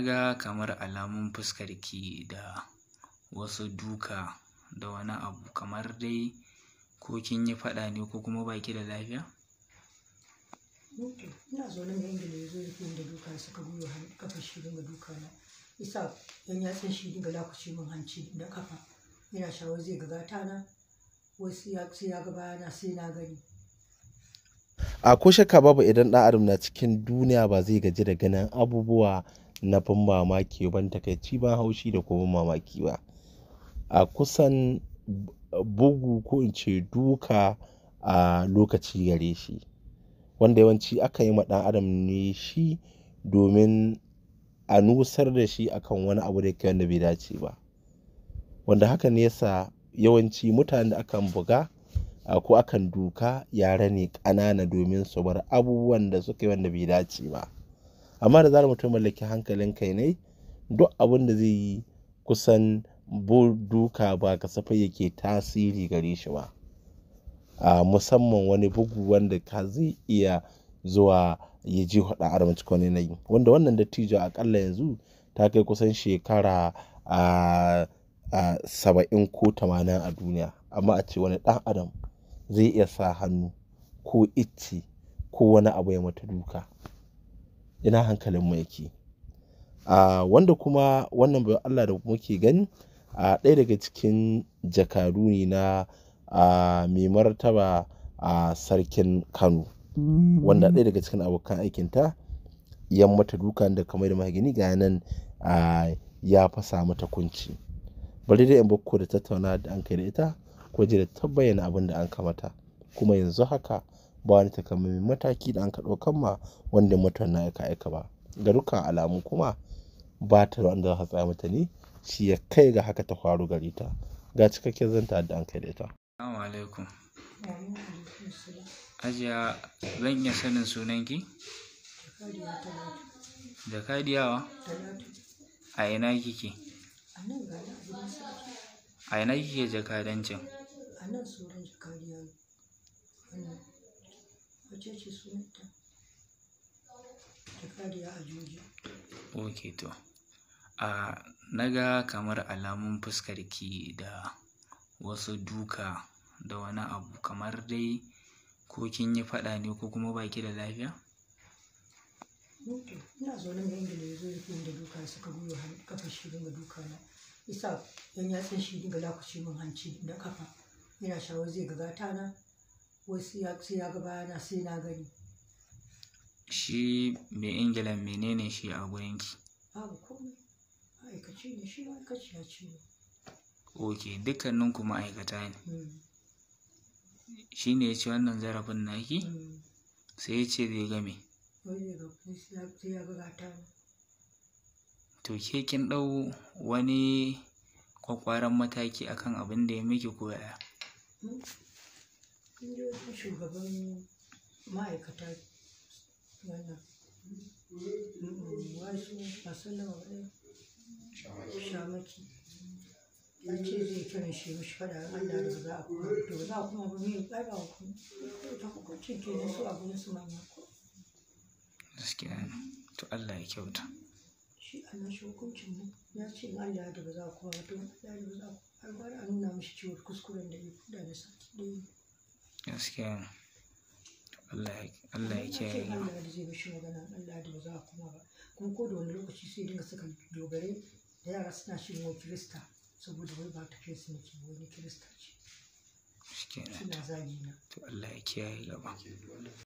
ga kamar alamun fuskar ki da wasu duka da wani abu kamar dai ko kin yi faɗa ne ko kuma baki da lafiya ina zaune da inda ya zo yake da duka suka biyo kafa shi da duka na isa yan san shi daga lakuce mun hanci da kafa ina shawar zai ga gata na wasu ya gaba bayana sai na gani a ko shakka babu idan ɗan adam na cikin duniya ba zai gaji da ganin abubuwa na ban mamaki ban takaici ban haushi da kuma mamaki ba a kusan bugu ko in ce duka a lokaci gare shi wanda yawanci aka yi ma ɗan adam ne shi domin a nusar da shi akan wani abu da ke wanda bai dace ba wanda haka ne yasa yawanci mutane da akan buga ko akan duka yare ne ƙanana domin su bar abubuwan da suka yi wanda bai dace ba amma da zarar mutum mallaki hankalin kai ne duk abin da zai yi kusan duka ba kasafai yake tasiri gare shi ba a musamman wani bugu wanda ka zai iya zuwa ya ji hudu a cikin yanayi wanda wannan dattijo akalla yanzu ta kai kusan shekara a saba'in ko tamanin a duniya amma a ce wani dan adam zai iya sa hannu ko icce ko wani abu ya mata duka ina hankalinmu yake a wanda kuma wannan bai Allah da muke gani a ɗaya daga cikin jakadu ne na mai martaba a sarkin kano wanda ɗaya daga cikin abokan aikinta yan mata duka da kamar da magani ga nan ya fasa mata kunci bari dai in bakko da tattauna da an kai da ita ko ji da bayyana abin da an kamata kuma yanzu haka ba wani takamaiman mataki da an ka ɗaukan ma wanda mutum na aika aika ba ga dukkan alamu kuma ba ta da wanda za ta tsaya mata ne shi ya kai ga haka ta faru gare ta ga cikakken zanta da an kai da ita assalamu alaikum ajiya zan iya sanin sunanki da kadiyawa a ina kike a ina kike jakadancin wacece sunanta a juji ok to a naga kamar alamun fuskarki da wasu duka da wani abu kamar dai ko kin yi faɗa ne ko kuma baki da lafiya ina zaune ne inda ya zo ya fi da duka suka guyo kafa shirin ga duka na isa yan yatsun shi dinga lakuci min hanci da kafa Ina shawar zai ga gata na wasu ya ya gaba sai na gani shi mai ingilan menene shi a gurinki babu komai ma'aikaci ne shi ma'aikaci ya ce ok dukkanin kuma aikata ne hmm. shi ne ya ce wannan zarafin naki hmm. sai ya ce zai game to ke kin ɗau wani kwakwaran mataki akan abin da ya miki koyaya hmm. kungiyoyin shugaban ma'aikata wannan wasu masu nawa shamaki an ce zai kiran shi mishi fada Allah da za a kuma to za a kuma mai ƙara ku ta hukuncin ke da su abu na su manya ko gaskiya ne to Allah ya kyauta shi Allah shi hukuncin mu ya ce in Allah da ba za a kuma to Allah da ba za a kuma har gwara a nuna mashi ciwon kuskuren da ya fuda da sati da yi gaskiya Allah ya kiyaye mu zai mishi magana Allah da ba za kuma ba kuma ko da wani lokaci sai dinga suka dogare da yara suna shirin kirista saboda wai ba ta su kirista ce suna zagi na to Allah ya kiyaye gaba